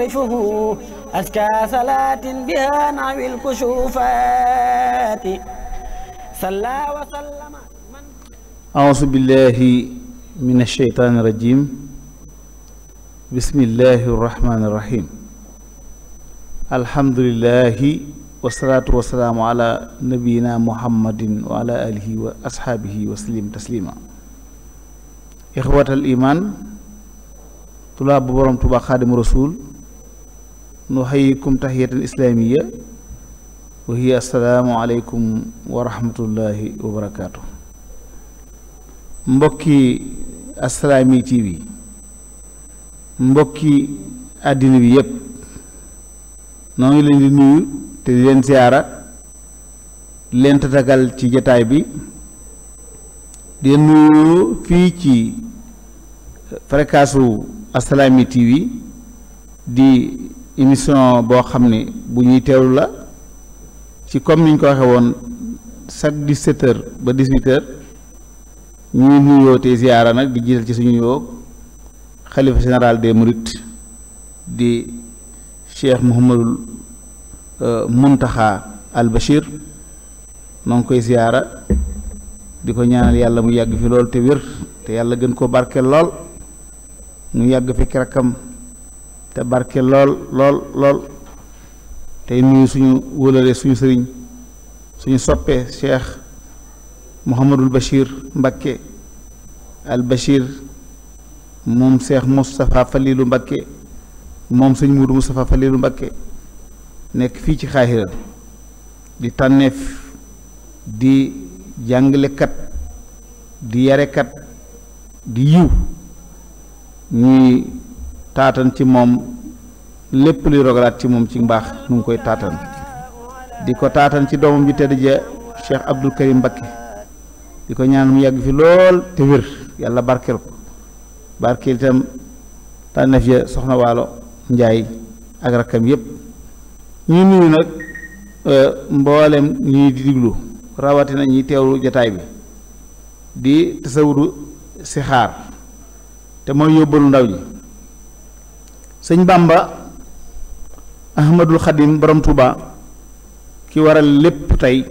يعرفه أزكى صلاة بها نعوي الكشوفات صلى وسلم أعوذ بالله من الشيطان الرجيم بسم الله الرحمن الرحيم الحمد لله والصلاة والسلام على نبينا محمد وعلى آله وأصحابه وسلم تسليما إخوة الإيمان طلاب بروم تبا خادم رسول nuhayyikum tahiyatan islaamiyya wa hiya assalaamu aleykum wa rahmatullahi mbokki Assalaamy TV mbokki àddina bi yépp noo ngi leen di nuyu te di leen siyaara leen tatagal ci jataay bi di nuyu fii ci fréquence u TV di émission boo xam ne bu ñuy teewlu la ci comme niñ ko waxee woon chaque dix-sept ba dix-huit heures ñuy nuyoo te ziyaara nag di jiital ci suñu nuyoo xalifa général de mourides di cheikh Mouhamadul euh, Muntaxa al Bachir noo ngi koy ziyaara di ko ñaanal yàlla mu yàgg fi lool te wér te yàlla gën koo barkeel lool mu yàgg fi kerakam te barke lool lool lool tey nuyu suñu wóolale suñu sëriñ suñu soppee cheikh Mouhamadul Bachir Mbakke al Bachir moom cheikh Moustapha Falilu Mbakke moom sëñ Mourou Moustapha Falilu Mbakke nekk fii ci xaaxira di tànneef di jàngalekat di yarekat di yiw ñuy taatan ci moom lépp luy rogalaat ci moom ci mbaax nu ngi koy taatan di ko taatan ci doomam ji tedd ja Cheikh Abdul Karim Mbakke di ko ñaan mu yàgg fi lool te wér yàlla barkeel ko barkeel itam tànneef ya soxna waalo njaay ak rakkam yépp ñuy nuyu nag e, mboolem ñuy diglu rawatina ñuy teewlu jataay bi di tasawuru xaar te mooy yóbbalu ndaw ñi sëñ Bàmba Ahmadul Xadim borom Touba ki waral lépp tey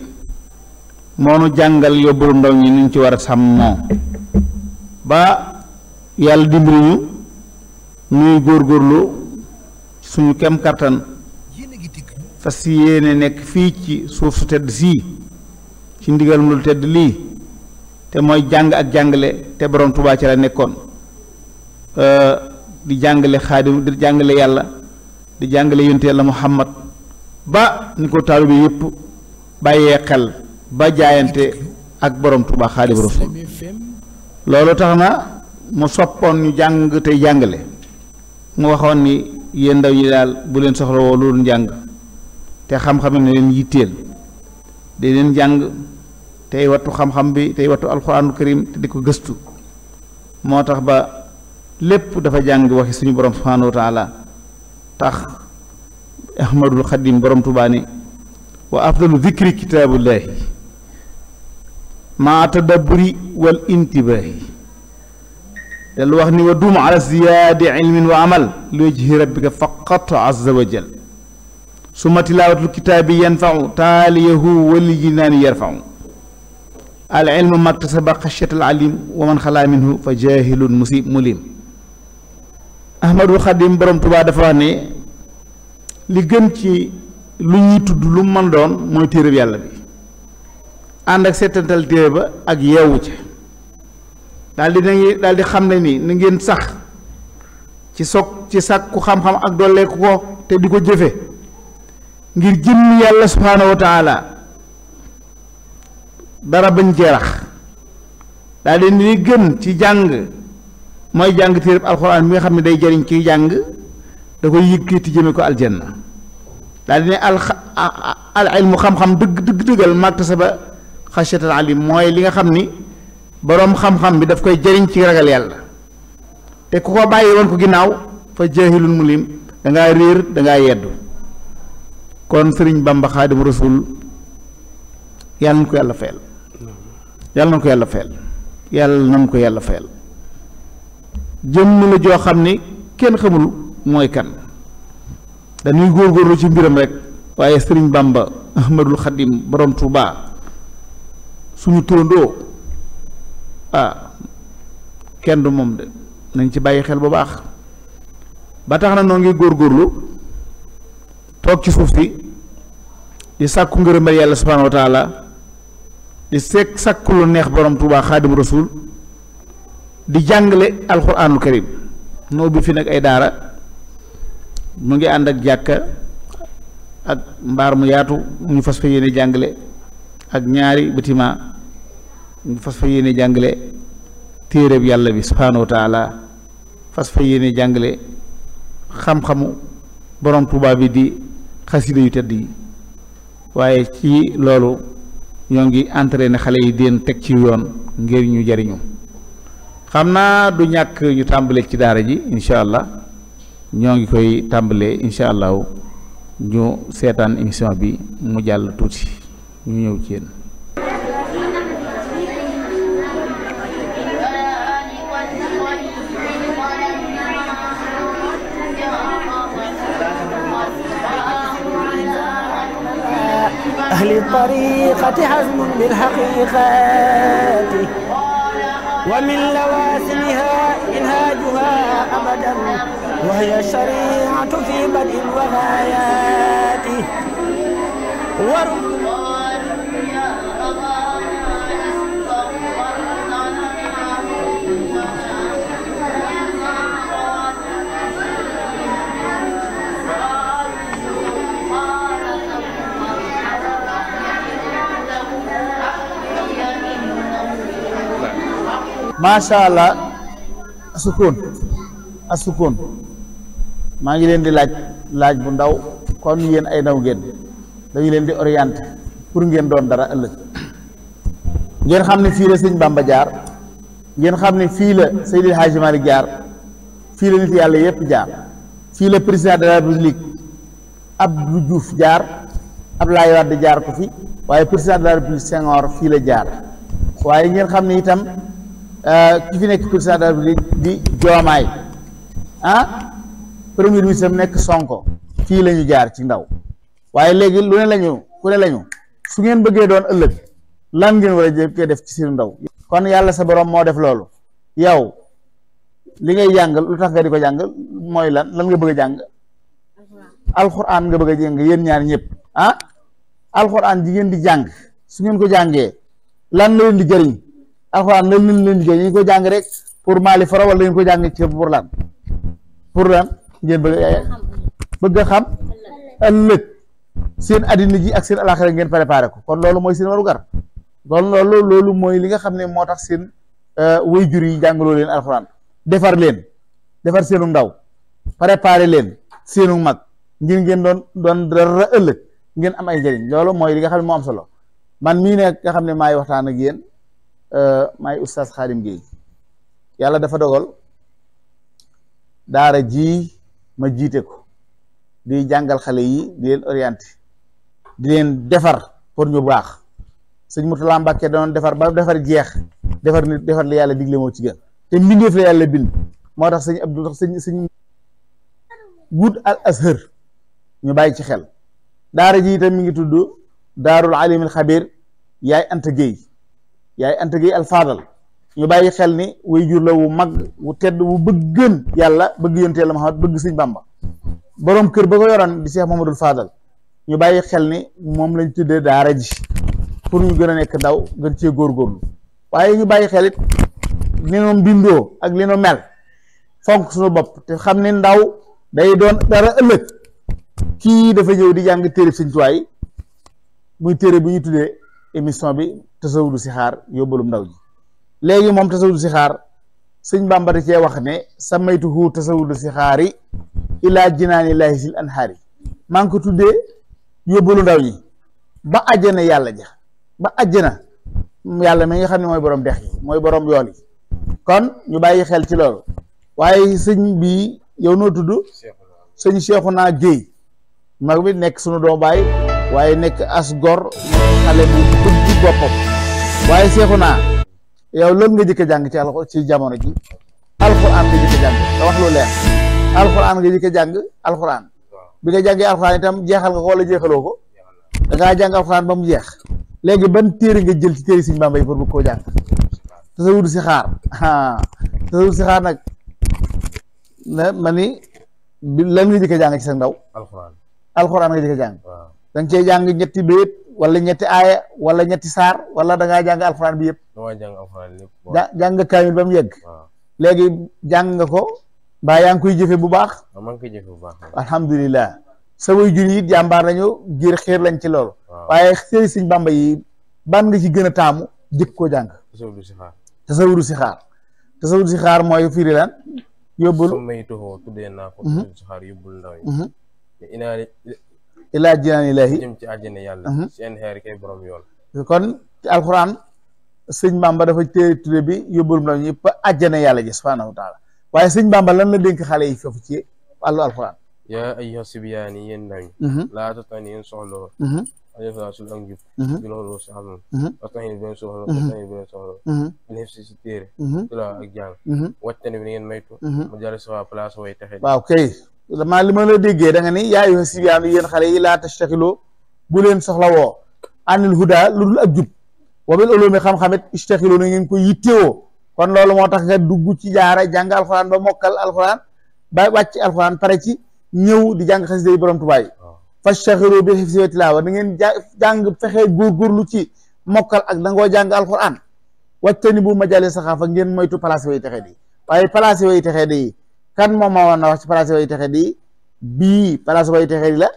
moonu jàngal yóbbalu ndaw ñi ni ñu ci war a sàmmoo ba yàlla dimbali ñu nuy góorgóorlu suñu kem kàttan fas yéene nekk fii ci suuf su tedd sii ci ndigal lu tedd lii te mooy jàng ak jàngale te borom tubaa ci la nekkoon. Euh, di jàngale xaadim di jàngale yàlla di jàngale yonte la muhammad ba ni ko taalibe yëpp bàyyee xel ba jaayante ak borom tuba xaadim rasul loolu tax na mu soppoon ñu jàng tey jàngale mu waxoon ni yéen ndaw yi daal bu leen soxla woo loolu njàng te xam-xam ne leen yitteel di leen jàng tey wattu xam-xam bi tey wattu alxuraanu karim te di ko gëstu moo tax ba lépp dafa jàng waxi suñu borom subhaanahu wa taala tax ahmadul xadim borom tubaa wa afdalu dikri kitaabullaahi maa tadabburi wal intibaahi dal wax ni wa duum ala ziyaadi ilmin wa amal li wajhi rabbika faqat azza wa jal suma tilaawatul kitaabi yanfau taaliyahu wali jinaani yarfau al ilmu maktasaba xashyata al alim wa man xalaa minhu fa jaahilun musib mulim ahmadul xadim borom tubaa dafa wax ne li gën ci lu ñuy tudd lu man doon mooy téereb yàlla bi ànd ak seetantal téere ba ak yeewu ca daal di nangi daal xam ne ni na ngeen sax ci soog ci sàkku xam-xam ak dolleeku ko te di ko jëfe ngir jëmm yàlla subhaanahu wa taala dara bañ cee rax ni gën ci jàng mooy jàng téereb alxuraan mi nga xam ne day jariñ kiy jàng da koy yëkkati jëme ko aljanna daal di ne al al ilmu xam-xam dëgg dëgg dëggal maktasaba xasyatal alim mooy li nga xam ni boroom xam-xam bi daf koy jariñ ci ragal yàlla te ku ko bàyyi woon ko ginnaaw fa jaahilun mulim dangaa réer dangaa yeddu kon sëriñ Bamba xaadim rasul yàlla na ko yàlla fayal yàlla na ko yàlla fayal yàlla na ko yàlla fayal jëmm la joo xam ni kenn xamul mooy kan dañuy góorgóorlu ci mbiram rek waaye sëriñ Bamba Ahmadul Xadim borom Touba suñu turandoo ah kenn du moom de nañ ci bàyyi xel bu baax ba tax na noo ngi góor góorlu toog ci suuf si di sàkku ngërëmal yàlla subhaanahu wa taala di sekk sàkku lu neex borom Touba xaadim rasul di jàngale alxuraanul karim noo bi fi nag ay daara mu ngi ànd ak jàkka ak mbaar mu yaatu ñu fas fa yéene jàngale ak ñaari bâtiment ñu fas fa yéene jàngale téereb yàlla bi subhaanahu wa taala fas fa yéene jàngale xam-xamu borom Tuubaa bi di xasida yu tedd yi waaye ci loolu ñoo ngi ne xale yi deen teg ci yoon ngir ñu jariñu xam naa du ñàkk ñu tàmbale ci daara ji incha allah ñoo ngi koy tàmbalee incha allahu ñu seetaan émission bi mu jàll tuuti ñu ñëw ci yéen. أهل الطريقة عزم بالحقيقة ومن لوازمها إنهاجها أبدا وهي الشريعة في بدء الولايات ورب macha allah sukkoon a maa ngi leen di laaj laaj bu ndaw kon yéen ay ndaw ngeen dañu leen di orienté pour ngeen doon dara ëllëg ngeen xam ne fii la sëñ Bamba jaar ngeen xam ne fii la Seydil Hadji Malick jaar fii la nit yàlla yépp jaar fii la président de la république Abdou Diouf jaar Abdoulaye Wade jaar ko fi waaye président de la république Senghor fii la jaar waaye ngeen xam ne itam Euh, ki ci nekk président de la di Diomaye ah premier ministre nekk Sonko kii la jaar ci ndaw waaye léegi lu ne lañu ku ne lañu su ngeen bëggee doon ëllëg lan ngeen war a jëkkee def ci seen ndaw kon yàlla sa boroom moo def loolu yow li ngay jàng lu tax nga di ko jàng mooy lan lan nga bëgg a jàng alxuraan nga bëgg a jàng yéen ñaar ñëpp ah alxuraan ji ngeen di jàng su ngeen ko jàngee lan la leen di jëriñ alxuraan la lun leen jigéen ñu ko jàng rek pour maali fara wala ñu ko jàng ci pour lan pour lan ngeen bëgg bëgg a xam ëllëg seen addina ji ak seen alaxira ngeen préparé ko kon loolu mooy seen waru gar kon loolu loolu mooy li nga xam ne moo tax seen euh, waajur yi jàngaloo leen alxuraan defar leen defar seenu ndaw préparé leen seenu mag ngeen ngeen doon doon dara ëllëg ngeen am ay njëriñ loolu mooy li nga xam ne moo am solo man mii ne nga xam ne maay waxtaan ak yéen Euh, maay oustaz Xaadim Géey yàlla dafa dogal daara ji ma jiite ko di jàngal xale yi di leen orienté di leen defar pour ñu baax sëñ Murtala Mbàkke doon defar ba defar jeex defar nit defar li yàlla digle moo ci gën te mbindeef la yàlla bind moo tax sëñ Abdou tax sëñ sëñ wut al azhar ñu bàyyi ci xel daara jii itam mi ngi tudd daarul alimil xabir yaay Anta Géey yaay Anta Gueye Alfadal ñu bàyyi xel ni way jur la wu mag wu tedd wu bëggën yàlla bëgg yonte la Muhammad bëgg sëñ Bamba borom kër ba ko yoroon di Cheikh Mamadou Fadal ñu bàyyi xel ni moom lañ tuddee daara ji pour ñu gën a nekk ndaw gën cee góorgóorlu waaye ñu bàyyi xelit it li mbindoo ak li noo mel fonk suñu bopp te xam ne ndaw day doon dara ëllëg kii dafa ñëw di jàng téere sëñ tuwaay muy téere bi ñu tuddee émission bi tasawudu si xaar yóbbalum ndaw ji léegi moom tasawudu si xaar sëñ Bàmba da cee wax ne sa maytu samaytuhu tasawudu si xaari ilaa jinaani laahi sil anhaari maa ngi ko tuddee yóbbalu ndaw ñi ba àjjana yàlla ja ba àjjana yàlla mi nga xam ne mooy borom dex yi mooy boroom yool yi kon ñu bàyyi xel ci loolu waaye sëñ bi yow noo tudd sëñ naa Guèye mag bi nekk sunu doomu baay waaye nekk as gor xale boppam waaye naa yow loolu nga jëkk a jàng ci alxuraan jamono ji alxuraan nga jëkk a jàng jàng alxuraan bi nga jàngee alxuraan itam jeexal nga ko wala jeexaloo ko da ngaa jàng alxuraan ba mu jeex léegi ban téere nga jël ci téere Sëriñ Bamba yi pour bu koo jàng te sa wut si xaar nag na ma ni lan nga jëkk jàng ci sa ndaw alxuraan nga jëkk jàng da nga jàng ñetti béyit wala ñetti aaya wala ñetti saar wala da ngaa jàng alxuraan bi yëpp. da ngaa jàng alxuraan bi yëpp. ja jàng kaamil ba mu yegg. léegi jàng nga ko. mbaa yaa ngi koy jëfe bu baax. waaw maa ngi jëfe bu baax. alhamdulilah. sa way jur yi jàmbaar nañu ngir xiir lañ ci lool waaye sëri sëñ bàmba yi ban nga ci gën a taamu jëkk koo jàng. tasawuru si xaar. tasawuru si xaar. tasawuru si xaar mooy firi lan. yóbbul ilaa jinaan ilaahi jëm ci àjjana yàlla mhm. seen xeer kay borom yoon kon ci alxuraan sëñ Bamba dafa téere tudde bi yóbbulum la ñëpp àjjana yàlla ji subhaanahu wa taala waaye sëñ Bamba lan la dénk xale yi foofu ci wàllu alxuraan yaa ayyuha sibyaani yéen ndaw mhm. laa tatani yéen soxloo ajëf laa sul ak njub di mhm. loolu sax moom waxtaxin benn soxla waxtaxin benn soxla lépp si si téere ci la ak jàng wàccane bi na ngeen maytu mu jàll si waa place way texe waaw kay maa li ma la déggee danga nga ni yaa ayyuha sibyaanu yéen xale yi laa tashtaxiloo bu leen soxla woo anil huda lu dul ak jub wa bil ulumi xam-xamit ishtaxiloo na ngeen ko yittewoo kon loolu moo tax nga dugg ci jaara jàng alxuraan ba mokkal alxuraan ba wàcc alxuraan pare ci ñëw di jàng xasida yi borom tubaay fashtaxiloo bi hifzi wa tilaawa na ngeen jàng fexe góorgóorlu ci mokkal ak dangoo jàng alxuraan wàcc ni bu majalis saxaafa ngeen moytu place way texee di waaye place way texee di kan moom moo waroon a wax ci place way texe di la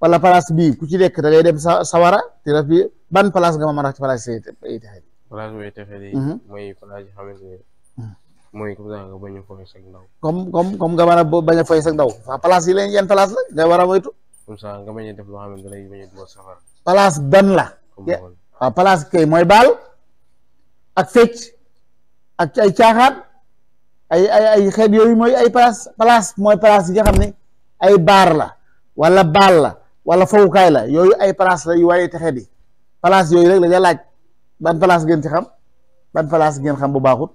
wala place bii ku ci nekk da ngay sa sawara te ban place nga ma a wax ci place way texe di place way texe di mhm. mooy mhm. a foy sag ndaw nga mën a bañ a foy ndaw waa place yi leen a moytu comme ça nga bañ a def loo xamante ne bañ la waaw place kay mooy baal ak fecc ak ay caaxaan ay ay ay xeet yooyu mooy ay place place mooy place yi nga xam ne ay baar la wala baal la wala fowukaay la yooyu ay place la yu waaye te xeet yi yooyu rek la laaj ban place ngeen ci xam ban place ngeen xam bu baaxut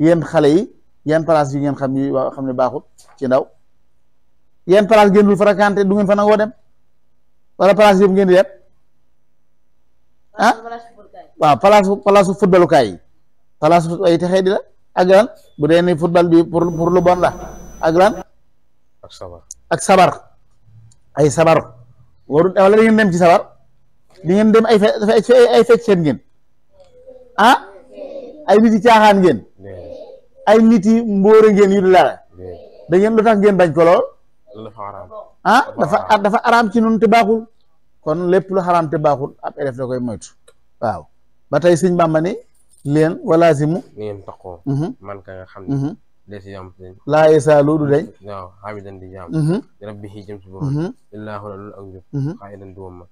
yéen xale yi yan place yi ngeen xam yi xam ne baaxut ci ndaw yen place ngeen dul fréquenté du ngeen fa nangoo dem wala place yëpp ngeen di yëpp ah waaw place yi place ay texee di la ak lan bu dee ni football bi pour pour lu bon la ak lan ak sabar ak sabar ay sabar warul wala da dem ci sabar di ngeen dem ay fe ay fecceen ngeen ah ay nit yi caaxaan ngeen ay nit yi mbóore ngeen yu dara da ngeen lu tax ngeen bañ ko lool ah dafa araam ci nun te baaxul kon lépp lu xaraam te baaxul ab élève da koy moytu waaw ba tey sëñ Bàmba ni leen walaazimu. ni ngeen taxoo. Mhm. man ka nga xam ne. Mhm. des yam laa yasaalu du dañ. waaw xaamidan di jaam. Mhm. rabbihi jëm si boppam. illaa xoolal loolu ak njub. xaayidan di wamma.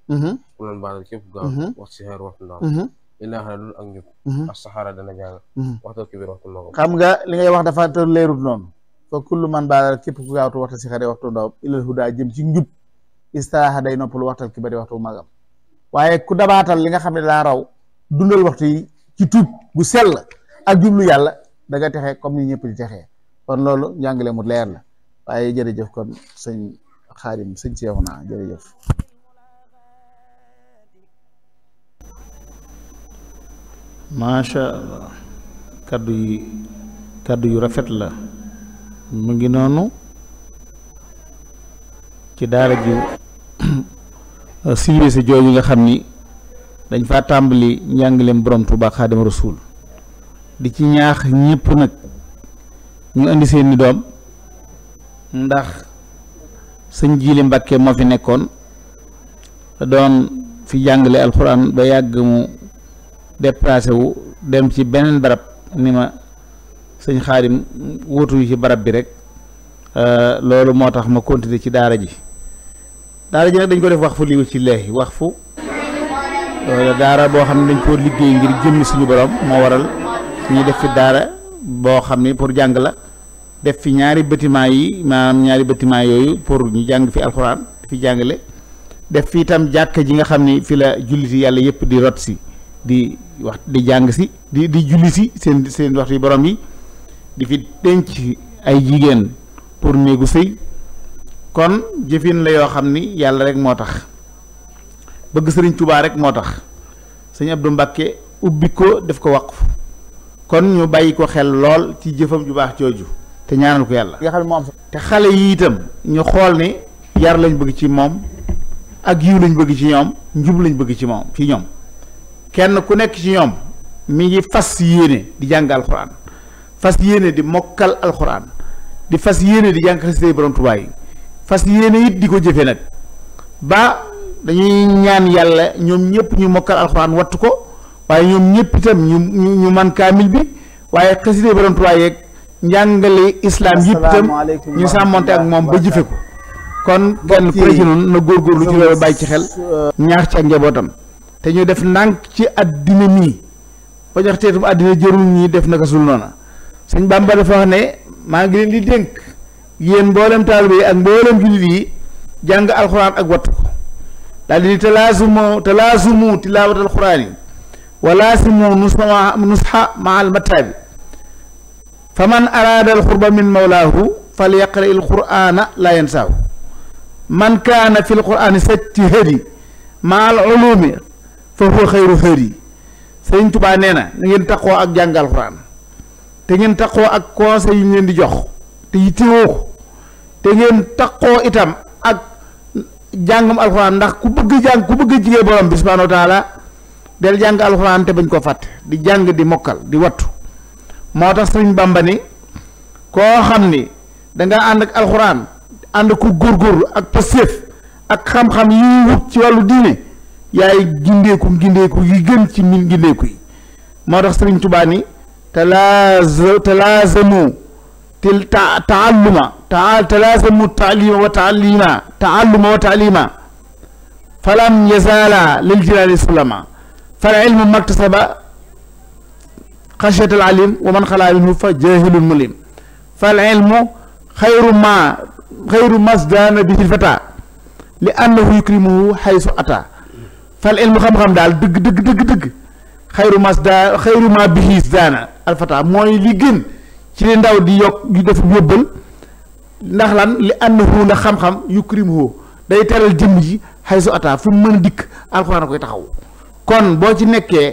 ku loon baal képp gaaw. wax si xeer waxtu ndaw. illaa xoolal loolu ak njub. ak saxaara dana jàng. waxtu kibir waxtu ndaw. xam nga li ngay wax dafa te leerut noonu. fa kullu man baal ku gaawtu waxtu si xare waxtu ndaw illal hudaa jëm ci njub. istaaxa day noppalu waxtal kibari waxtu magam. waaye ku dabaatal li nga xam ne daa raw dundal waxtu yi ci tuub gu sell ak jublu yàlla da nga comme ni ñëpp di texee kon loolu njàngale mu leer la waaye jërëjëf kon sëñ xaarim sëñ seexu naa jërëjëf macha allah kaddu yi kaddu yu rafet la mu ngi noonu ci daara ji siiwee si jooju nga xam ni dañ fa tàmbali njàngaleem borom Tuubaa Xaadimu Rasuul di ci ñaax ñëpp nag ñu indi seeni doom ndax sëñ Jiili Mbàkke moo fi nekkoon doon fi jàngale alxuraan ba yàgg mu déplacé wu dem ci beneen barab ni ma sëñ Xaadim wutu ci barab bi rek euh, loolu moo tax ma continuer ci daara ji daara ji nag dañ ko def wax fu liwu wax fu daara boo xam ne dañ koo liggéey ngir jëmmi suñu borom moo waral suñu def fi daara boo xam ne pour jàng la def fi ñaari bâtiment yi maanaam ñaari bâtiment yooyu pour ñu jàng fi alxuraan fi jàngale def fi itam jàkk ji nga xam ne fi la si yàlla yëpp di rot si di wax di jàng si di di julli si seen seen waxtu yu borom yi di fi denc ay jigéen pour néegu sëy kon jëfin la yoo xam ni yàlla rek moo tax bëgg sëriñ Touba rek moo tax sëñ du Mbacke ubbi ko def ko waqf kon ñu bàyyi ko xel lool ci jëfam ju baax jooju te ñaanal ko yàlla. nga xam ne te xale yi itam ñu xool ne yar lañ bëgg ci moom ak yiw lañ bëgg ci ñoom njub lañ bëgg ci moom ci ñoom kenn ku nekk ci ñoom mi ngi fas yéene di jàng alxuraan fas yéene di mokkal alxuraan di fas yéene di jàng xasida borom Tuubaa yi fas yéene it di ko jëfe nag ba. dañuy ñaan yàlla ñoom ñëpp ñu mokkal alxuraan wattu ko waaye ñoom ñëpp itam ñu ñu man kaamil bi waaye xasida borom Tuubaa yeeg njàngale islam yëpp itam ñu sàmmonte ak moom ba jëfe ko kon kenn ku ci noonu na ci loolu bàyyi ci xel euh, ñaax ci njabootam te ñu def ndànk ci àddina mii ba ñu teetum àddina jërul ñi def naka sul noona sëñ Bàmba dafa wax ne maa ngi leen di dénk yéen mboolem taalibe yi ak mboolem jullit yi jàng alxuraan ak wattu daal di ni talaasumu talaasumu tilaawatal quraan yi wa laasimu nusxa nusxa maal mataabi fa man araada al min mawlaahu fal yaqra il quraana laa yansaahu man kaana fi l quraani sacci hëdi maal ulumi fa huwa xayru hëdi sëñ tubaa nee na ngeen taqoo ak jàngal quraan te ngeen taqoo ak conseil yu ñu di jox te yittewoo ko te ngeen taqoo itam ak jàngum alxuraan ndax ku bëgg jàng ku bëgg jigéen borom bi subhaanahu wa taala del jàng alxuraan te bañ ko fàtte di jàng di mokkal di wattu moo tax sëriñ Bàmba ni koo xam ni danga ànd ak alxuraan ànd ku góorgóorlu ak paséef ak xam-xam yi wut ci wàllu diine yaay gindeeku gindeeku yi gën ci min gindeeku yi moo tax sëriñ Tubaa ni talaaz talaazamu til taalluma تعال تلازموا التعليم وتعليما تعلم وتعليما فلم يزالا للجلال سلما فالعلم ما اكتسب خشية العليم ومن خلا منه فجاهل مليم فالعلم خير ما خير ما ازدان به الفتى لأنه يكرمه حيث أتى فالعلم خم خم دال دق دق دق دق xayru mas daa xayru ma bihiis daana alfata mooy li gën ci li ndaw di yokk di def yóbbal ndax lan li annahu ndax xam-xam yukrimuhu day teral jëmm ji xay su ata fu mu mën a dikk alxuraan a koy taxaw kon boo ci nekkee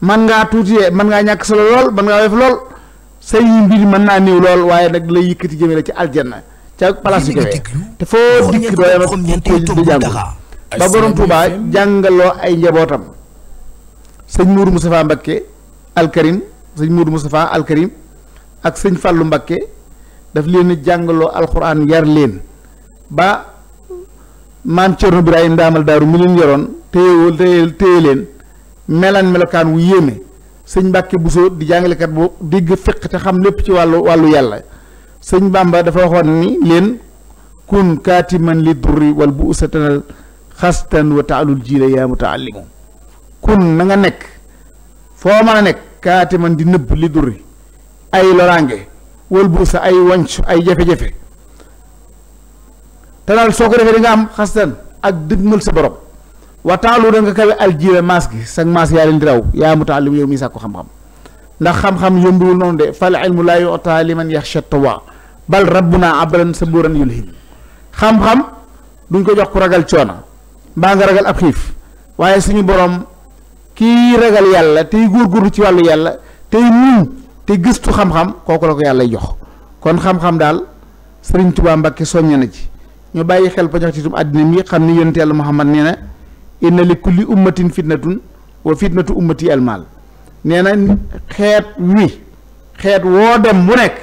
man ngaa tuutiyee man ngaa ñàkk solo lool man ngaa wef lool say mbir mën naa néew lool waaye nag lay yëkkati jëme la ci aljanna ca palaas yu te foo dikk doo yem ak di jàng borom Tuubaa jàngaloo ay njabootam sëñ Mourou Moustapha Mbakke alkarim sëñ Mourou Moustapha alkarim ak sëñ Fallou Mbakke daf leen jàngaloo alxuraan yar leen ba maam Cerno Birahim ndaamal daaru mu leen yoroon téye téye leen melan melokaan wu yéeme sëñ Mbàkke Buso di jàngalekat bu digg fiq te xam lépp ci wàllu wàllu yàlla sëñ mbàmba dafa waxoon ni leen kun man li durri wal bu usatanal xastan wa taalul jiile yaa mutaallimu kun na nekk foo mën a nekk kaatiman di nëbb li durri ay loraange wëlbu sa ay wanc ay jafe-jafe te daal soo ko defee di nga am xastan ak dëgmal sa borom wataalu da nga kawe aljiila maas gi sag maas yaa leen di raw yaa mu taalim yow mi sàkku xam-xam ndax xam-xam yombiwul noonu de fal ilmu laa yu'taa liman yaxsha taqwa bal rabbuna abran saburan yulhim xam-xam duñ ko jox ku ragal coono mbaa nga ragal ab xiif waaye suñu borom kii ragal yàlla tey góorgóorlu ci wàllu yàlla tey muñ te gistu xam-xam kooku la ko yàlla jox kon xam-xam daal sëriñ Tuubaa Mbàkke soññe na ci ñu bàyyi xel ba ci tum àddina mi xam ni yonent yàlla Muhammad nee na inna li kulli ummatin fitnatun wa fitnatu ummati almaal nee na xeet wi xeet woo dem bu nekk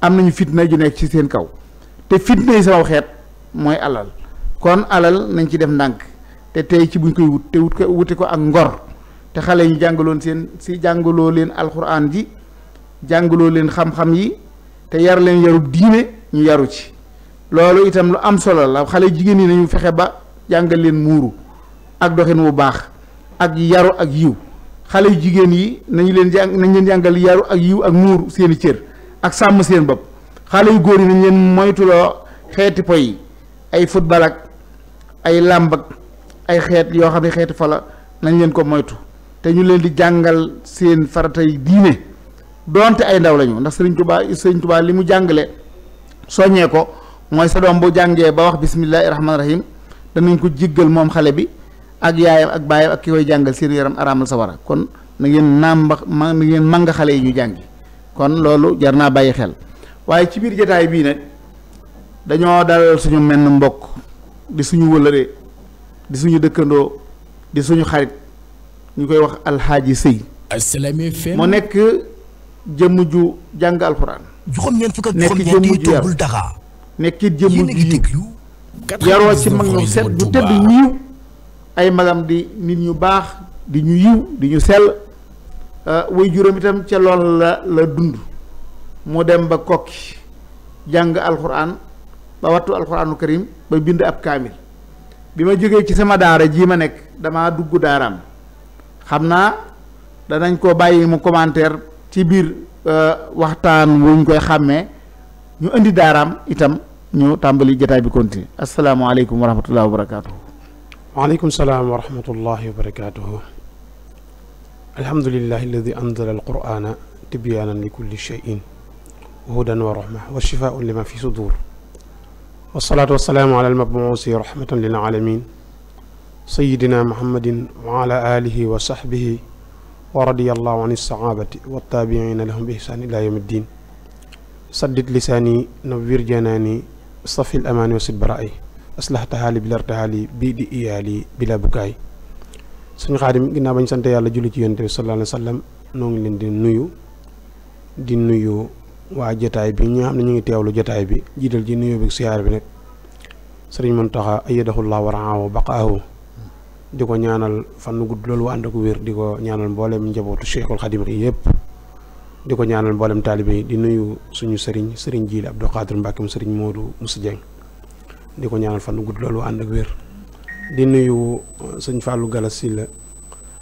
am nañu fitna ju nekk ci seen kaw te fitna yi sama xeet mooy alal kon alal nañ ci def ndànk te tey ci buñ koy wut te wut ko wuti ko ak ngor te xale ñu jàngaloon seen si jàngaloo leen alxuraan ji jàngaloo leen xam-xam yi te yar leen yarub diine ñu yaru ci loolu itam lu am solo la xale jigéen ñi nañu fexe ba jàngal leen muuru ak doxin bu baax ak yaru ak yiw xale yu jigéen yi nañu leen jàng nañ leen jàngal yaru ak yiw ak muur seeni cër ak sàmm seen bopp xale yu góor yi nañ leen moytuloo xeeti po yi ay football ak ay làmb ak ay xeet yoo xam ne xeeti folo la nañ leen ko moytu te ñu leen di jàngal seen faratay diine doonte ay ndaw lañu ndax sëriñ tubaa sëriñ tubaa li mu jàngale soññee ko mooy sa doom bu jàngee ba wax bismillahi rahmaani rahim danañ ko jiggal moom xale bi ak yaayam ak baayam ak ki koy jàngal seen yaram araamal sa wara kon na ngeen nàmba ma na ngeen manga xale yi ñu jàngi kon loolu jar naa bàyyi xel waaye ci biir jotaay bii nag dañoo dalal suñu menn mbokk di suñu wëlëree di suñu dëkkandoo di suñu xarit ñu koy wax alxaaji sëy Assalaamy FM mu nekk jëmm ju jàng alxuraan. juróom ñeent fukk ak juróom ñeent yi toggul dara nekk jëmm ju yiw yaroo ci mag ñu set ñu tëdd ñiiw ay magam di nit ñu baax di ñu yiw di ñu sell euh, way juróom itam ca lool la la dund mu dem ba kokki jàng alxuraan ba wattu alxuraanu karim ba bind ab kaamil bi ma jógee ci sama daara jii ma nekk dama dugg daaram xam naa danañ ko bàyyi mu commentaire ci biir euh, waxtaan wuñ koy xàmmee ñu indi daaraam itam ñu tàmbali jotaay bi continué asalaamaaleykum wa rahmatullahi wa barakaatu. waaleykum salaam wa rahmatullahi wa barakaatu. alhamdulillahi alladi anzala alqur'ana tibyaanan li kulli shay'in wa hudan wa rahma wa shifaa'un lima fi sudur wasalaatu wasalaamu ala almabuusi rahmatan lil alamin sayidina muhammadin wa ala alihi wa sahbihi wa radiyallahu an ilsahabati waltaabiina lahum bi ihsaan ila yawm ddin saddit lisaani nawwir janaani safi l amaani wa sid baraay aslah tahaali bila artahaali bii di iyaali bila bukaay suñu xaadim ginnaaw bañ sant yàlla julli ci yonent bi sallallahu alayhi ngi leen di nuyu di nuyu waa jataay bi ñi nga ñu ngi teewlu jataay bi jiital ci nuyu bi siyaar bi nag sëriñ Muntaxa ayyadahu llahu wa baqaahu di ko ñaanal fan nu gudd loolu ànd ak wér di ko ñaanal mbooleem njabootu Cheikhul Khadim yi yëpp di ko ñaanal mboolem taalibe yi di nuyu suñu sëriñ sëriñ Jiili Abdou Khadir Mbacke mu sëriñ Modou Moussa Dieng di ko ñaanal fan nu gudd loolu ànd ak wér di nuyu uh, sëñ Fallou Galass Sylla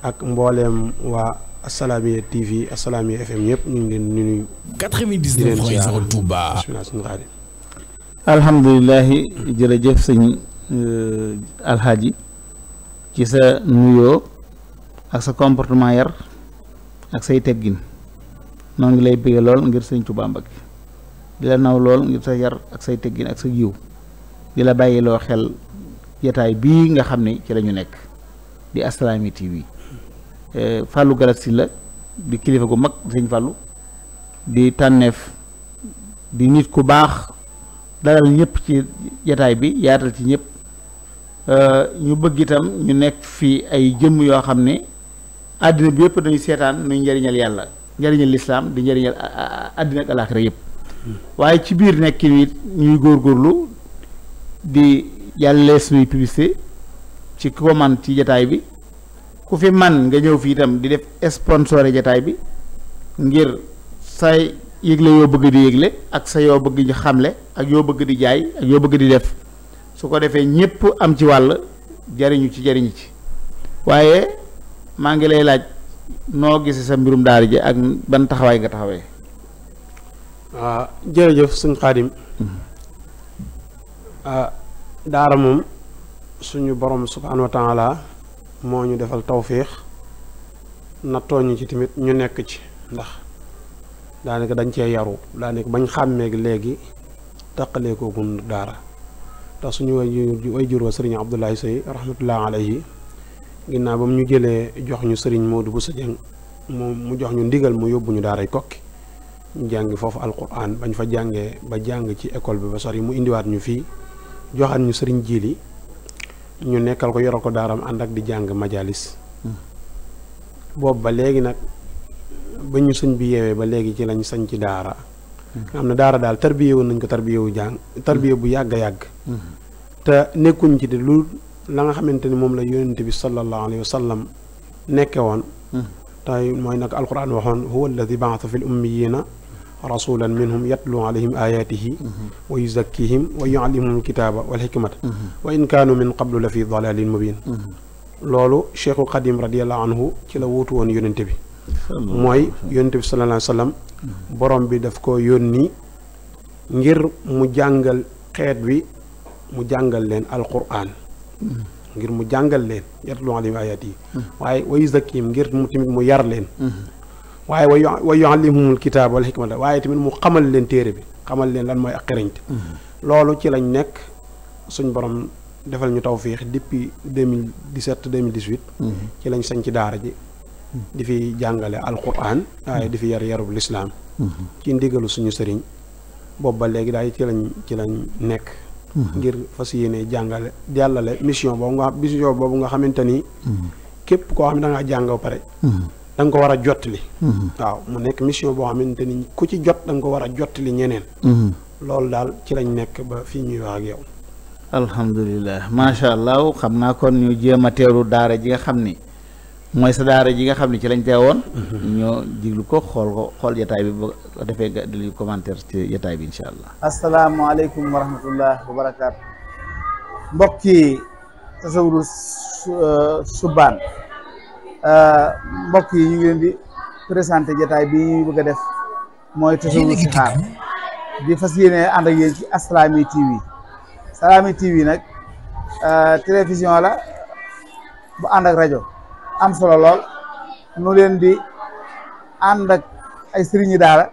ak mbooleem waa Assalaamy TV Assalaamy FM ñëpp ñu ngi leen di nuyu. 99 point 0 Touba alhamdulilah jërëjëf sëñ uh, ci sa nuyoo ak sa comportement yar ak say teggin noo ngi lay bëgge lool ngir sëñ Tuubaa Mbàkke di la naw lool ngir sa yar ak say teggin ak sa jiw di la loo xel jataay bii nga xam ne ci lañu nekk di Assalaamy TV eh, Fallou Galaxy la di kilifa gu mag sëñ Fallou di tànneef di nit ku baax dalal ñëpp ci jataay bi yaatal ci ñëpp Euh, ñu bëgg itam ñu nekk fii ay jëmm yoo xam ne àddina bi yëpp dañuy seetaan nuy njariñal yàlla njëriñal lislaam di njëriñal àddina ak alaaxira hmm. waaye ci biir nekkin wi ñuy góorlu di yàllee suñuy publicité ci ku ko man ci jataay bi ku fi man nga ñëw fii itam di def sponsoré jataay bi ngir sa yëgle yoo bëgg di yëgle ak sa yoo bëgg ñu xamle ak yoo bëgg di jaay ak yoo bëgg di def su ko defee ñëpp am ci wàll jariñu ci jariñu ci waaye maa ngi lay laaj noo gisee sa mbirum daara ji ak ban taxawaay nga taxawee waaw ah, jërëjëf suñ xaadim mm-hmm. ah, daara moom suñu boroom subhaanahu wa taala moo ñu defal tawféex nattoo ñu ci tamit ñu nekk ci ndax daanaka dañ cee yaru daanaka bañ xàmmeeg léegi taqaleekoogun daara tax suñu way way jur wa sëriñ Abdoulaye Seye rahmatullah alayhi ginnaaw ba mu ñu jëlee jox ñu sëriñ Modou Bousso Dieng mu mu jox ñu ndigal mu yóbbu ñu daaray kokki ñu jàngi foofu alquran bañ fa jàngee ba jàng ci école bi ba sori mu indiwaat ñu fii joxaat ñu sëriñ jiili ñu nekkal ko yoral ko daaram ànd ak di jàng majalis hmm. boobu ba léegi nag ba ñu sëñ bi yeewee ba léegi ci lañ sëñ ci daara nga xam ne daara daal tarbiye woon nañ ko tarbiye wu jàng tarbiye bu yàgg a yàgg te nekkuñ ci di lu la nga xamante ni moom la yonente bi sallallahu alayhi wa woon tey mooy nag alquran waxoon huwa alladi baata fi l ummiyina rasulan minhum yatlu alayhim ayatihi wa yuzakkihim wa yuallimuhum alkitaba walxikmata wa in kaanu min qablu la fi dalalin mubin mhm. loolu cheikhul xadim radiallahu anhu ci la wuutu woon yonante bi mooy yonent bi sallallahu alayhi borom bi daf ko yónni ngir mu jàngal xeet wi mu jàngal leen alquran ngir mu jàngal leen yatlu alayhim ayat yi waaye wa yuzakkihim ngir mu tamit mu yar leen waaye wa yuallimuhumul kitaab wal hikmata waaye tamit mu xamal leen téere bi xamal leen lan mooy ak xerañte loolu ci lañ nekk suñ borom defal ñu tawfiix depuis 2017 2018 mm-hmm. ci lañ sañ ci daara ji di fi jàngale alquran waaye di fi yar yarub lislaam ci ndigalu suñu sëriñ boobu ba léegi daal ci lañ ci lañ nekk ngir fas yéene jàngale jàllale mission boobu nga mission boobu nga xamante ni képp koo xam ne danga ngaa jàng ba pare danga ko war a jottali waaw mu nekk mission boo xamante ni ku ci jot danga ko war a jottali ñeneen loolu daal ci lañ nekk ba fii ñuy wax ak yow alhamdulilah macha allah xam naa kon ñu jéem a teeru daara ji nga xam ni mooy sa daara ji nga xam ne ci lañ woon mhm. ñoo diglu ko xool ko xool jataay bi ba ko defee nga di commentaire ci jataay bi incha allah. asalaamaaleykum wa rahmatullah wa barakaatu. mbokk yi tasawuru subaan euh, euh, mbokk yi présenté jataay bi ñuy bëgg a def mooy tasawuru sixaar di fas yéene ànd ak yéen ci Assalaamy TV Assalaamy TV nag euh, télévision la bu ànd ak rajo. am solo lool nu leen di ànd ak ay sëriñi daala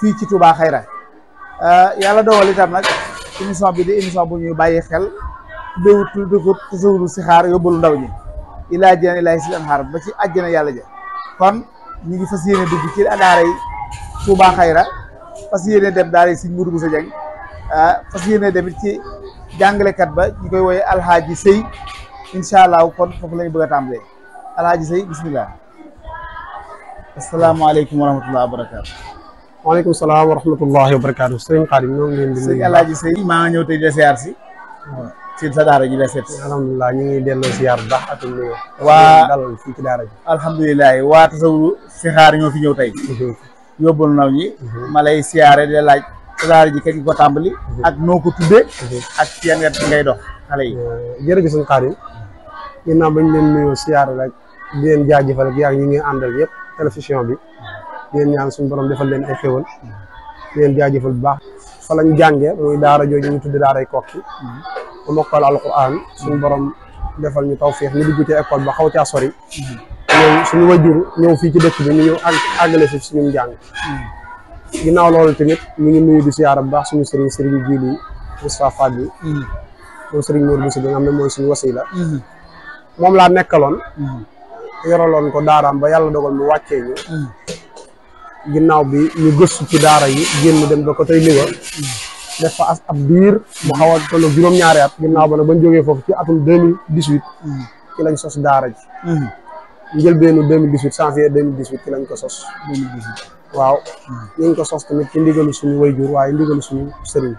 fii ci Touba Xayra euh, yàlla dogal itam nag émission bi di émission bu ñuy bàyyi xel déwut dikut tasawuru si xaar yóbbalu ndaw ñi ilaa jëneen ilaa si leen xaar ba ci àjjana yàlla ja kon ñu ngi fas yéene dugg ci daara yi Touba Xayra fas yéene dem si yi Sëriñ Mourou Bousso Dieng euh, fas yéene demit ci jàngalekat ba ñu koy woowee alxaaji sëy incha allah kon foofu la ñu bëgg alaaji say bisimilah. asalaamaaleykum wa rahmatulah wa barakaatu. salaam wa rahmatulah wa ñoo ngi leen di nuyu. sëñ maa ngi ñëw tey ji la seet. ñu ngi delloo siyaar bu baax atum nuyoo. waa dalal fii ci daara ji. alhamdulilah waa tasawuru si xaar ñoo fi ñëw tey. Mhm. yóbbal naw ñi. Mhm. ma lay siyaare di la laaj. daara ji kañ ko tàmbali. Mhm. ak noo ko tuddee. ak ci yan ngay dox xale yi. Euh, jërëjëf sëñ Xaadim ginnaaw bañ leen nuyoo siyaar rek di leen jaajëfal ak yaa ngi àndal yëpp télévision bi di leen ñaan suñu borom defal leen ay xéwal leen jaajëfal bu baax fa lañ jànge muy daara jooju ñu tudd daaray kokki bu mokkal alquran suñu borom defal ñu tawféex ñu dugg ci école ba xaw caa sori ñëw suñu wajur ñëw fii ci dëkk bi ñu ñëw àggale suñu njàng ginnaaw loolu tamit ñu ngi nuyu di siyaara bu baax suñu sëriñ sëriñ jili Moustapha bi moom sëriñ Mour Bousso bi nga xam ne mooy suñu wasila mm-hmm. moom laa nekkaloon mm-hmm. yoraloon ko daaraam ba yàlla dogal mu wàccee ñu ginnaaw bi ñu gëstu ci daara yi génn dem ba ko tey Louga def fa ab biir bu xaw a juróom-ñaari at ginnaaw ba nag bañ jógee foofu ci atum deux mille dix huit ci lañ sos daara ji njëlbeenu deux mille dix huit janvier deux mille dix huit ci lañ ko sos deux mille dix huit waaw ñu ngi ko sos tamit ci ndigalu suñu wayjur waaye ndigalu suñu sëriñ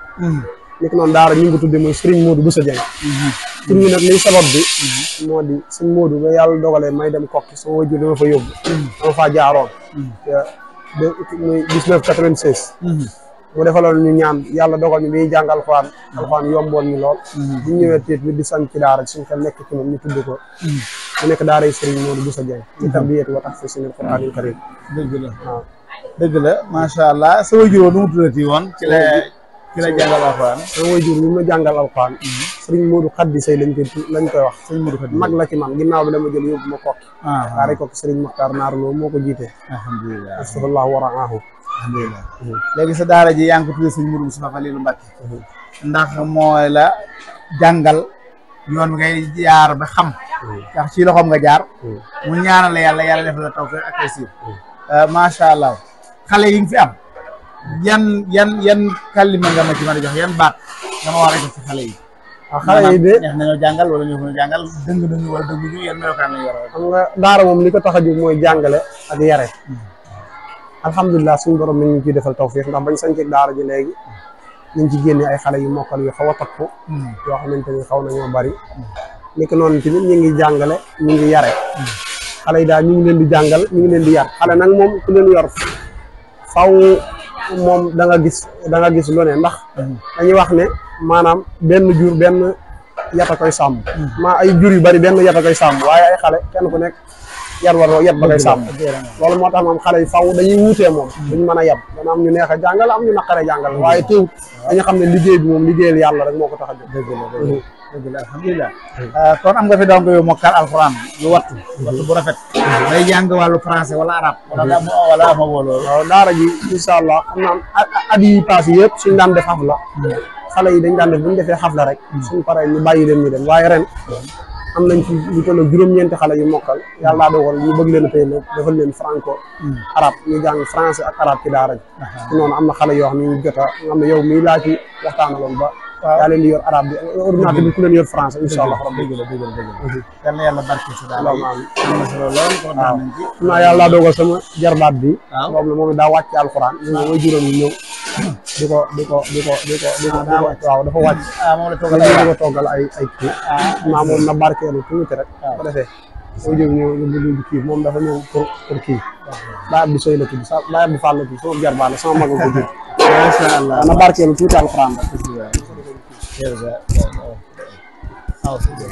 li ko noonu daara ñu ngi ko tuddee mooy Serigne Modou Bousso Dieng. Mhm. tur bi nag liy sabab bi. Mhm. moo di suñ Modou ba yàlla dogalee may dem kokki sama wajur dama fa yóbbu. Mhm. dama faa jaaroon. te mu defaloon ñu ñaan yàlla dogal ñu bi jàng alxuraan alxuraan yomboon ñu lool bu ñu ñëwee tiit bi di sant ci daara suñu xel nekk ci moom ñu tudd ko mu nekk daara yi Serigne Modou Bousso Dieng ci tarbiyatu wa tahfiisil alxuraanil kariim dëgg la waaw allah sa wajur nu mu tuddati woon ci la ki la jàngal alxuraan sama waajur bi ma jàngal alxuraan sëriñ Modou Khady Seye lañ koy lañ koy wax sëriñ Modou Khady mag la ci man ginnaaw bi dama jël yóbbu ma kokki daara ah, ah. kokki sëriñ Mokhtar Naar Lo moo ko jiite alhamdulilah astafurlah mm-hmm. léegi sa daara ji yaa ngi ko tuddee sëriñ Modou Moustapha Falilou Mbacké mm-hmm. ndax mooy la jàngal yoon bi ngay jaar ba xam mm-hmm. ndax ci loxoom nga jaar mu ñaanal yàlla yàlla def la tawfeex ak taysiir macha uh, allah xale yi fi am yan yan yan kàllima nga ma ci mën a jox yan baat nga war a jox ci xale yi. waaw ah, xale yi de neex nañoo jàngal wala ñoo ko jàngal dëng nañu wala dëng ñu yan xam nga daara moom li ko tax a jóg mooy jàngale ak yare. Hmm. alhamdulilah suñu borom mi ngi ciy defal tawfiix ndax bañ sañ ci daara ji léegi. Hmm. ñu ci génne ay yu mokkal yu xaw a takku. Hmm. yoo xamante ni xaw nañoo bari. nekk noonu tamit ñu ngi jàngale ñu ngi yare. xale yi daal ñu ngi leen di jàngal ñu ngi leen di yar xale nag moom ku leen yor faw moom da nga gis da gis lu ne ndax dañuy wax ne maanaam benn jur benn yata koy sàmm maa ay jur yu bari benn yata koy sàmm waaye ay xale kenn ku nekk yar waroo yat ba koy sàmm loolu moo tax moom xale yi faw dañuy wuutee moom duñu mën a yab dana am ñu neex a jàngal am ñu naqare jàngal waaye teewut dañu xam ne liggéey bi moom liggéeyal yàlla rek moo ko tax a jóg dëgg la alhamdulilah euh, kon am nga fi donc yow mokkal alquran yu wattu bu rafet day jàng wàllu français wala arab wala wala ama wooloo waaw daara ji incha allah xam naan at yi passé yëpp suñ daan def xafla xale yi dañ daan def bu ñu defee xafla rek hmm. suñ paree ñu bàyyi leen ñu dem waaye ren am nañ ci lu toll juróom-ñeenti yu mokkal yàlla dogal ñu bëgg leen a tey defal leen franco hmm. arabe ñu jàng français ak arabe ci daara ji noonu am na xale yoo xam ne ñu jota nga xam ne yow mii laa ci waxtaanaloon ba yaa leen di yor arabe bi ordinateur bi ku leen yor français allah dëgg la dëgg la dëgg la yal na yàlla barke si daal am naa yàlla dogal sama jarbaat bi moom la moom daa wàcc alxuraan ñu mooy juróom yi ñëw di ko di ko di ko di ko di ko waaw dafa wàcc di ah, ko toggal ay ay kii ah. maa moom na barkeelu tuuti rek ko defee soo jëm ñëw moom dafa ñëw pour kii daa bi sooy la tudd sa daa bi fàll la tudd sama jarbaat la sama mag ko jur macha allah na barkeelu There's that. No, no.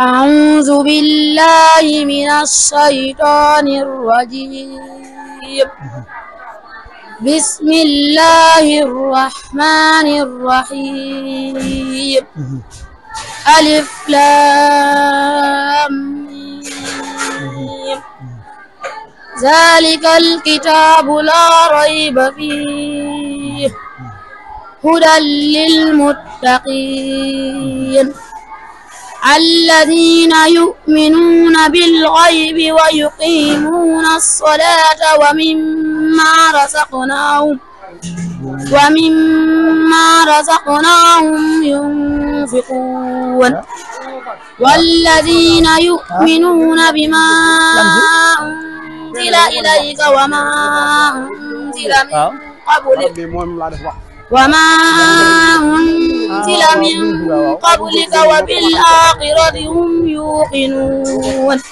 أعوذ بالله من الشيطان الرجيم بسم الله الرحمن الرحيم ألف لام ذلك الكتاب لا ريب فيه هدى للمتقين الذين يؤمنون بالغيب ويقيمون الصلاة ومما رزقناهم ومما رزقناهم ينفقون والذين يؤمنون بما أنزل إليك وما أنزل من قبلك وما أنزل من قبلك وبالآخرة هم يوقنون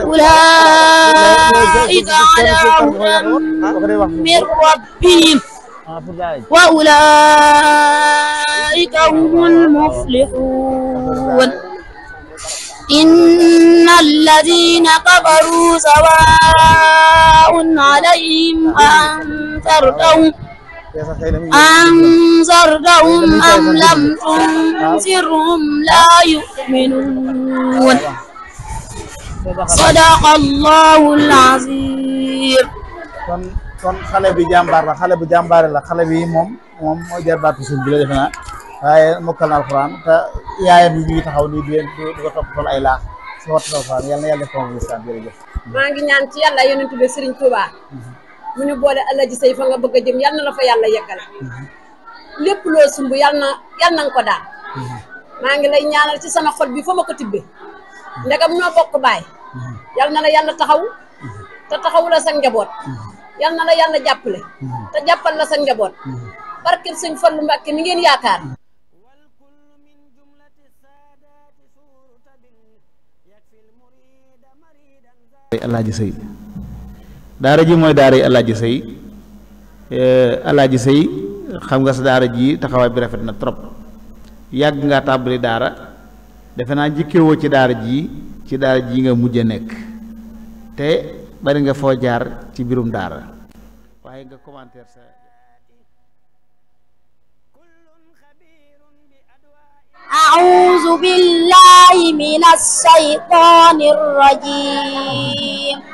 أولئك على هدى من ربهم وأولئك هم المفلحون إن الذين كفروا سواء عليهم أنذرتهم أنذرتهم أم لم تنذرهم لا يؤمنون صدق الله العظيم kon xale bi jàmbaar la xale bu jàmbaar la xale bi moom moom mooy jarbaatu suuf bi la defe naa waaye mokkal na alxuraan te yaayam yi ñu ngi taxaw nii di di ko toppatoo ay laax si waxtu alxuraan yal na yàlla def ko moom islam jërëjëf maa ngi ñaan ci yàlla yonent bi Serigne Touba mm-hmm. mu ñu boole alaji say fa nga bëgg a jëm yal na la fa yàlla yeggale lépp loo sumb yal na yal na ko daal maa ngi lay ñaanal ci sama xol bi fa ma ko tibbe ndegam ñoo bokk baay yal na la yàlla taxaw te taxaw la sa njaboot yal na la yàlla jàppale te jàppal la sa njaboot barkeel sëñ Fallu Mbàkke mi ngeen yaakaar alaaji sëy daara ji mooy daara yi alaaji sëy eh, alaaji sëy xam nga sa daara ji taxawaay bi rafet na trop yàgg ngaa tàmbali daara defe naa jikkewoo ci daara ji ci daara ji nga mujj a nekk te bari nga foo jaar ci biirum daara waaye nga commentaire sa أعوذ بالله من الشيطان الرجيم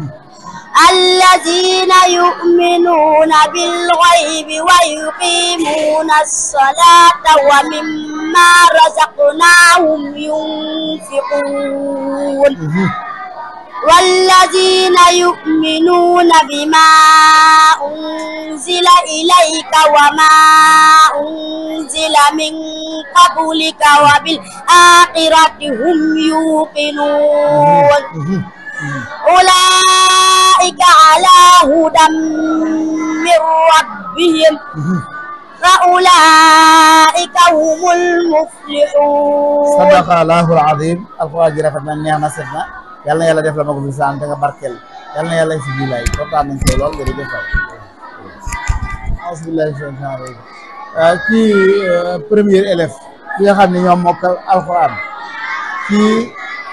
الذين يؤمنون بالغيب ويقيمون الصلاة ومما رزقناهم ينفقون والذين يؤمنون بما أنزل إليك وما أنزل من قبلك وبالآخرة هم يوقنون أولئك على هدى من ربهم فأولئك هم المفلحون صدق الله العظيم alxuraan ji rafet na neex na set na yal na yàlla def la ma ko fi saan te nga barkeel yal na yàlla si bilaay kontaan nañ si lool jërëjëf waaw ci premier élève bi nga xam ne ñoom mokkal alxuraan ci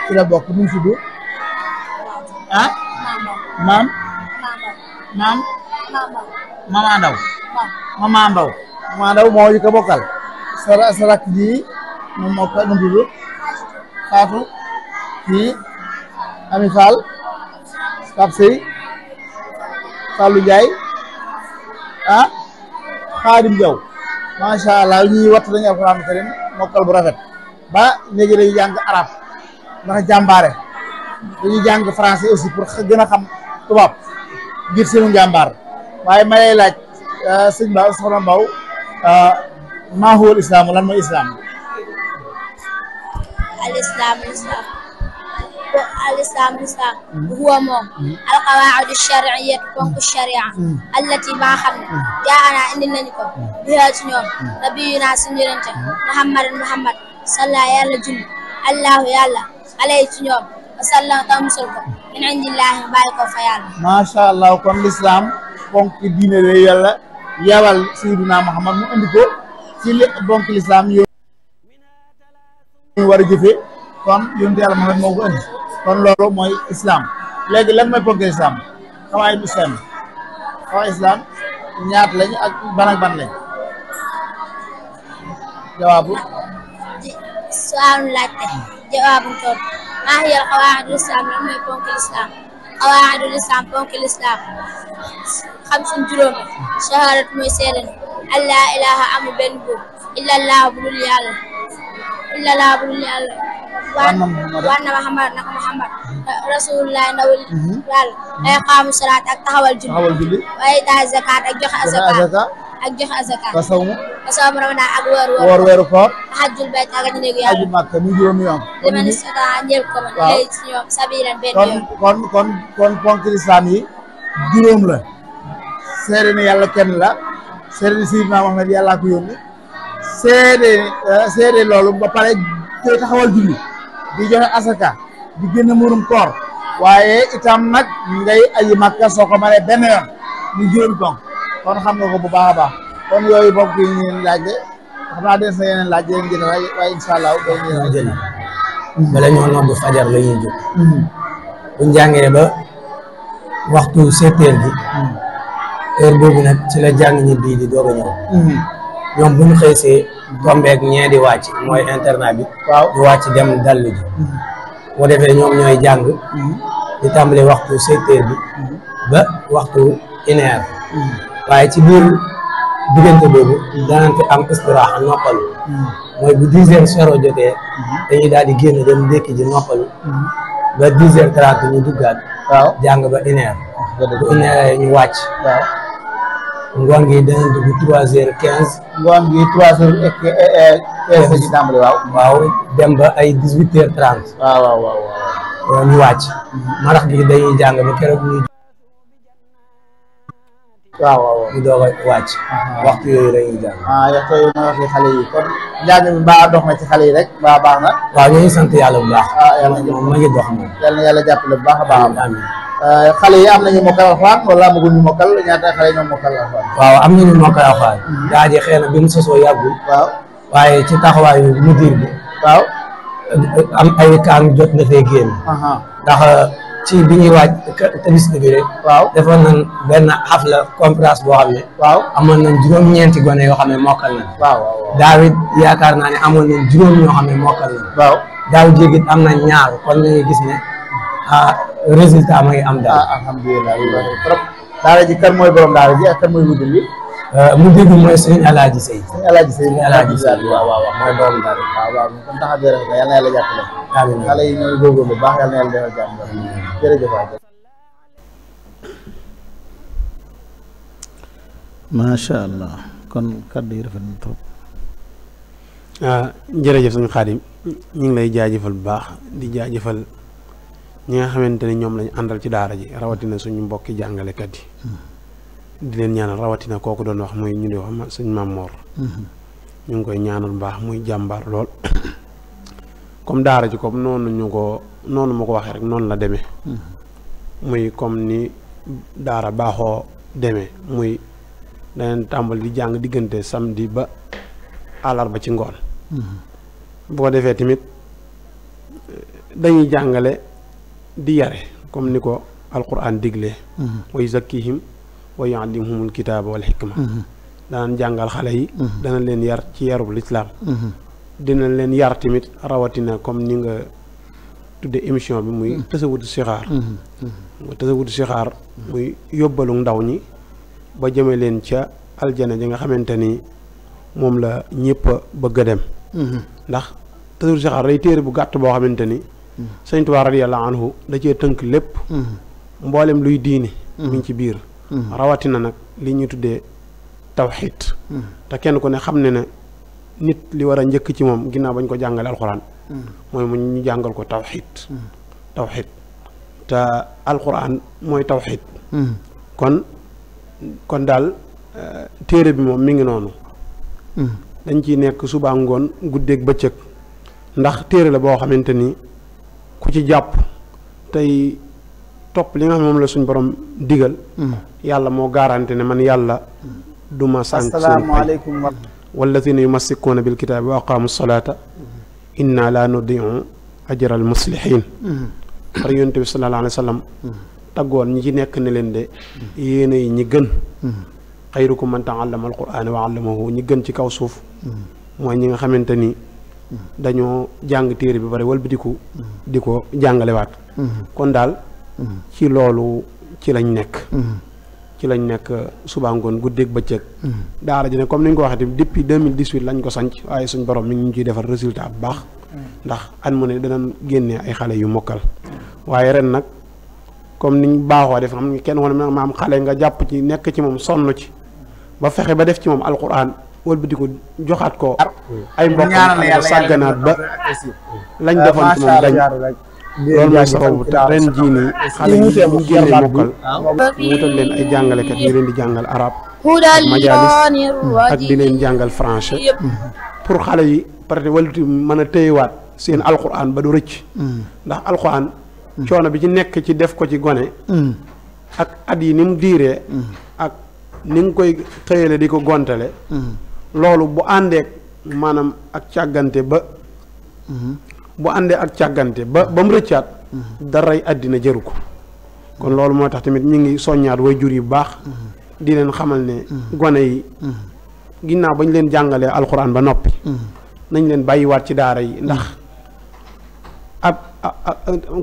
ci la bokk mu tudd ah maam maam mama ndaw mama ndaw mama ndaw moo ñu ko bokkal sa sa rakk ji moom moo ko num tudd Fatou kii Ami Fall Pape Sey Fallou Ndiaye ah Xaadim Jaw macha allah ñuy watt dañu alxuraan karim mokkal bu rafet ba léegi dañuy jàng arab ndax jàmbaare dañuy jàng français aussi pour gën a xam tubaab ngir seenu njàmbaar waaye ma lay laaj euh, sëñ Ba soxna Mbaw euh, maa huwal islaamu lan mooy islaam al islaam islaam الإسلام الإسلام هو موم القواعد الشرعية فوق الشريعة التي ما خمنا جاءنا إننا نكون بها تنيوم نبينا سنجرنت محمد محمد صلى يا الله الله يا الله عليه تنيوم wasallam ta musal ko min indillahi bàyyi ko fa yàlla macha allah kon lislaam bonk diine la yàlla yabal sayyidina muhammad mu indi ci li bonk lislaam yo war a jëfee kon yonent yàlla muhammad moo ko indi kon loolu mooy islam léegi lan mooy bonk islam xawaay islam xawaay islam ñaat lañu ak ban ak ban lañ jawaabu laajte jawaabu tontu maa hiya qawaaidul islam lan mooy ponk l'islam qawaaidul islam ponk l'islam xamsun juróom shahadat mooy seede an laa ilaaha amul benn buur illa allah bu dul yàlla illa allah bu dul yàlla wa anna muhammad naka muhammad rasulullah ndawul yàlla mhm. ay qaamu salaat ak taxawal julli wa itaay zakaat ak joxe azaka ak joxe azaka wa sawmu wa sawmu ramadan ak aji néegu yàlla aji màkk kon kon kon yi juróom la seede ne yàlla kenn la seede ne Seydina Muhammad yàllaa ko yónni seede eh, seede loolu ba pare te taxawal julli di joxe asaka di murum koor waaye itam nag ngay aji màkka soo ko mënee benn yoon ponk kon xam nga ko bu baax a baax kon yooyu bopp yi ñu laaj de xam naa des yeneen laaj yeneen jënd waaye waaye fajar lañu ñuy jóg buñ ba waxtu sept bi heure boobu nag ci la jàng ñi bii di doog a ñëw ñoom buñ xëysee tombeeg ñee di wàcc mooy internat bi waaw di wàcc dem dallu ji boo defee ñoom ñooy jàng di tàmbali waxtu sept heures bi ba waxtu une waaye ci biir diggante boobu danañ fi am istiraaxa noppalu hmm. mooy bu dix heures soro jotee hmm. dañuy daal di génn dem ndékki ji noppalu hmm. ba dix heures trente ñu duggaat waaw jàng ba une heure bu une heure ñu wàcc waaw ngoon gi dana dugg trois heures quinze ngoon gi trois heures et quinze eh, eh, waaw waaw ay dix huit heures trente ñu wàcc marax dañuy jàng ba keroog ñu waaw waaw ñu doog a wàcc. waxtu yooyu la ñuy jàng. ah waxtu yooyu mooy waxtu xale yi kon njàng mi mbaa dox na ci xale yi rek mbaa baax na. waaw ñu ngi sant yàlla bu baax. ah yàlla moom ma ngi dox moom. yàlla na bu baax a baax. amiin ah, xale yi am na mokkal alxuraan wala amagul ñu mokkal ñaata xale yi ñoom mokkal alxuraan. waaw am nañu mokkal alxuraan. daa hmm. ji xëy na bi mu sosoo yàggul. waaw waaye ci taxawaayu mudir bi. waaw am ay kaan jot na fee génn. ndax. ci bi ñuy waaj tëbis bi rek waaw defoon nañ benn xafla conférence boo xam ne waaw amoon nañ juróom-ñeenti gone yoo xam ne mokkal nañ waaw daawit yaakaar naa ne amoon nañ juróom ñoo xam ne mokkal nañ waaw daaw jéegit am na ñaar kon nañu gis ne ah résultat ma ngi am daal ah, alhamdulilah trop daara ji kan mooy borom daara ji ak kan mooy mujjul bi euh, mu dégg mooy sëriñ alaaji sëy sëriñ alaaji sëy sëriñ alaaji sëy waaw waaw waaw mooy borom daara waaw waaw kon taxaw bi rek yàlla na yàlla jàppale xale yi baax yàlla jërëjëf waay. macha allah kon kàddu yi rafet na trop. ah jërëjëf suñu xaadim ñu ngi lay jaajëfal bu baax di jaajëfal ñi nga xamante ne ñoom lañu àndal ci daara ji rawatina suñu mbokki jàngalekat yi. Hmm. di leen ñaanal rawatina kooku doon wax muy ñu di wax suñu maam Mor. Hmm. ñu ngi koy ñaanal bu baax muy jàmbaar lool. comme daara ji comme noonu ñu ko noonu ma ko waxee rek noonu la demee hmm. muy comme ni daara baaxoo demee muy daneen tàmbali di jàng diggante samedi ba àllarba ci ngoon hmm. bu ko defee tamit eh, dañuy jàngale di yare comme ni ko alquran diglee hmm. wa yuzakkihim wa yuallimhumul kitaaba wal xikma danañ jàngal xale yi dana leen yar ci yarub lislaam dina leen yar tamit rawatina comme ni nga tuddee émission bi muy mm. tasawudu sixaar mm-hmm. mm-hmm. mu sixaar muy yóbbalu ndaw ñi ba jëme leen ca aljana ji nga xamante ni moom la ñëpp a bëgg a dem mm-hmm. ndax tasawudu sixaar day téere bu gàtt boo xamante ni sëñ Tuubaa radiyallaahu anhu da cee tënk lépp mboolem luy diini mi ci biir rawatina nag li ñu tuddee tawxiid te kenn ku ne xam ne na nit li war a njëkk ci moom ginnaaw bañ ko jàngale alxuraan mooy mu ñu jàngal ko tawxid mm. tawxid te alquran mooy tawxid mm. kon kon daal eh, téere bi moom mi ngi noonu mm. dañ ciy nekk suba ngoon guddeeg bëccëg ndax téere la boo xamante ni ku ci jàpp tey topp li nga xam moom la suñ borom digal yàlla moo garanti ne man yàlla du ma sànq asalaamaaleykum walladina yumassikuuna bil kitaabi wa aqaamu salaata inna laa nudiu ajral muslihin mm-hmm. xar yonent bi sallallahu alayhi wa sallam mm-hmm. taggoon ñi ci nekk ne leen de mm-hmm. yéenay ñi gën xayrukum man taallama alquraan wa allamahu ñi gën ci kaw suuf mooy ñi nga xamante ni dañoo jàng téere bi bari walbatiku di ko jàngalewaat kon daal ci loolu ci lañ nekk ci lañ nekk suba ngoon guddeeg bëccëg. daara ji ne comme ni ñu ko waxee depuis deux mille dix huit lañ ko sanc waaye suñ borom mi ngi ñu ciy defar résultat bu baax. ndax at mu ne danañ génnee ay xale yu mokkal. waaye ren nag comme niñ baaxoo def nga kenn woon na maam xale nga jàpp ci nekk ci moom sonn ci ba fexe ba def ci moom alquran wëlbati ko joxaat ko. ay mbokk am sàgganaat ba lañ defoon ci moom dañ. loolu mooy sababu ren jii nii xale yi ñu génnee mokkal ñu wutal leen ay jàngalekat ñu leen di jàngal arab ak majalis ak di leen jàngal français pour xale yi parce que waluti mën a téyewaat seen alquran ba du rëcc mm. ndax alquran mm. coono bi ci nekk ci def ko ci gone mm. ak at yi ni mu diiree ak ni nga koy xëyale di ko gontale loolu bu àndeek maanaam ak càggante ba mm-hmm. bu àndee ak càggante ba ba mu rëccaat daray àddina jëru ko kon loolu moo tax tamit ñu ngi soññaat way jur yu baax di leen xamal ne gone yi ginnaaw ba ñu leen jàngalee alxuraan ba noppi nañ leen bàyyiwaat ci daara yi ndax ab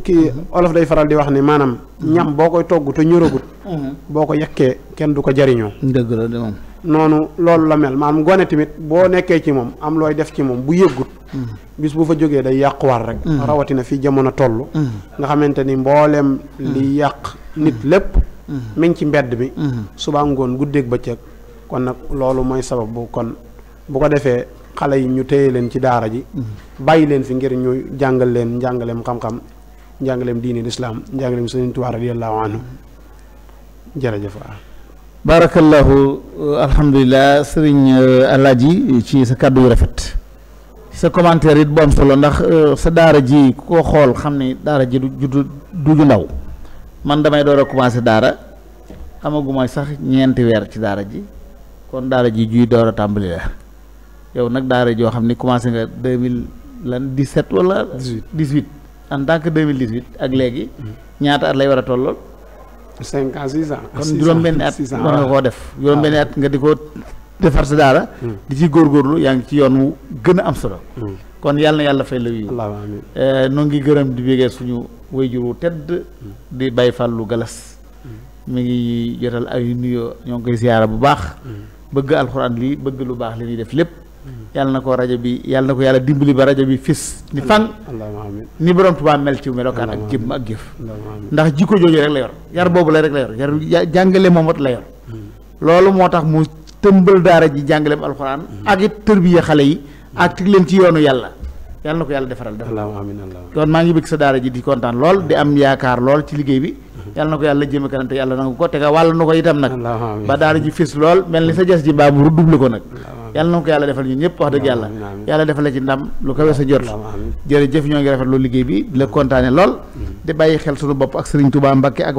kii olof day faral di wax ni maanaam ñam boo koy togg te mhm. boo ko yekkee kenn du ko jariñoo dëgg la de noonu loolu la mel maanaam gone tamit boo nekkee ci moom am looy def ci moom bu yëggut mm. bis bu fa jógee day yàquwaat rek mm. rawatina fii jamono toll mm. nga xamante ni mbooleem li yàq nit lépp mi ci mbedd bi suba ngoon guddeeg bëccëg kon nag loolu mooy sabab bu kon bu ko defee xale yi ñu téye leen ci daara ji bàyyi leen fi ngir ñu jàngal leen njàngaleem xam-xam njàngaleem diine lislaam njàngaleem Sëriñ Tuubaa radiyallaahu anhu jërëjëf barakallahu alhamdulilah sëriñ euh, Alaaji ci sa kàddu yu rafet sa commentaire it bu am solo ndax euh, sa daara ji ku ko xool xam ni daara ji du du ju ndaw man damay door a commencé daara amaguma sax ñeenti weer ci daara ji kon daara ji juy door a tàmbali la yow nag daara joo xam ni commencé nga deux mille lan dix sept wala. dix huit en tant que deux mille dix huit ak léegi. Mm. ñaata at lay war a tollool. cinq ans six ans. kon juróom-benn at war nga koo def juróom-benn at nga di ko defar sa daara. Hmm. di ci góorlu yaa ngi ci yoon wu gën a am solo. Hmm. kon yàlla yàlla fay la yu. nu eh, ngi gërëm di bégee suñu wayjur wu tedd. Hmm. di bàyyi fàllu galas. mu ngi jotal ay nuyoo ñoo ngi koy ziyaara bu baax. bëgg alxuraan lii bëgg lu baax li ñuy def lépp. yàlla na ko rajo bi yàlla na ko yàlla dimbali ba rajo bi fis ni fan ni borom Tuubaa mel ci melokaan ak jëm ak jëf ndax jikko jooju rek la yor yar boobu la rek la yor yar jàngale moom wat la yor hmm. loolu moo tax mu tëmbal daara ji jàngaleem alxuraan hmm. ak it tërbiya xale yi ak tig leen ci yoonu yàlla yàlla na ko yàlla defaral defal kon maa ngi bëgg sa daara ji di kontaan lool di am yaakaar lool ci liggéey bi mhm. yàlla na ko yàlla jëme kanam te yàlla nangu ko te nga wàll na ko itam nag ba daara ji fis lool mel ni sa jas ji baabu redouble ko nag yàlla na ko yàlla defal ñun ñëpp wax dëgg yàlla yàlla defal la ci ndam lu kawe a jot jërëjëf ñoo ngi rafet loolu liggéey bi di la kontaane lool mhm. di bàyyi xel sunu bopp ak Serigne Touba Mbakke ak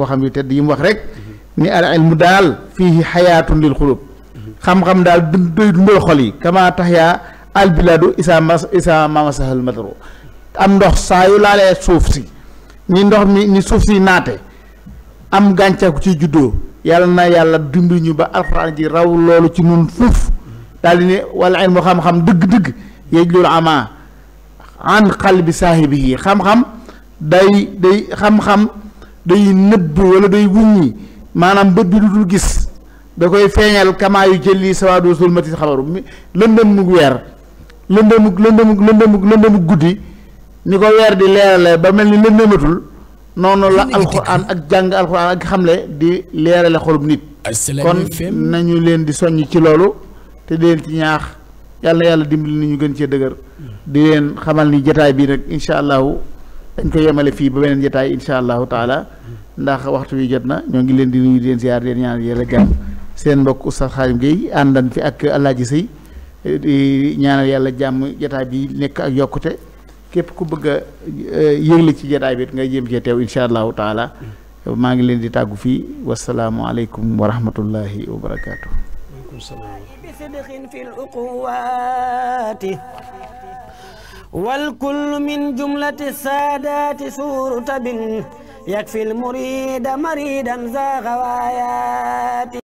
wax albiladu isa ma isa mamasahal madro am ndox saa yu laalee suuf si ñi ndox mi ñi suuf si naate am gàncax gu ci juddoo yàlla na yàlla dimbali ba alxuraan ji raw loolu ci nun fuuf daal di ne wala ilmu xam-xam dëgg-dëgg yéeg loolu ama an xal bi saahibi yi xam-xam day day xam-xam day nëbb wala day wuññi maanaam bët bi du dul gis da koy feeñal kamaa yu jëli sawaadu sulmati xabaru lëndëm mu weer lëndëmu lëndëmu lëndëmu lëndëmu guddi ni ko weer di leerale ba mel ni lëndëmatul noonu la alxuraan ak jàng alxuraan ak xamle di leerale xolub nit kon nañu leen di soññ ci loolu te di leen ñaax yàlla yàlla dimbali ni ñu gën cee dëgër di leen xamal ni jataay bii rek incha allahu dañ ko yemale fii ba beneen jataay incha allahu taala ndax waxtu wi jot na ñoo ngi leen di nuyu di leen ziar di leen ñaan yàlla jàmm seen mbokk Oustaz Khadim Gueye àndan fi ak Alaaji Sëy Eh, di ñaanal yàlla jàmm jotaay bi nekk ak yokkute képp ku bëgg a eh, yëgle ci jotaay bi nga jéem cee teew incha allahu taala maa ngi leen di tàggu fii wasalaamualeykum wa rahmatullahi wa barakaatu. والكل من جملة السادات سور تب يكفي المريد مريدا ذا غوايات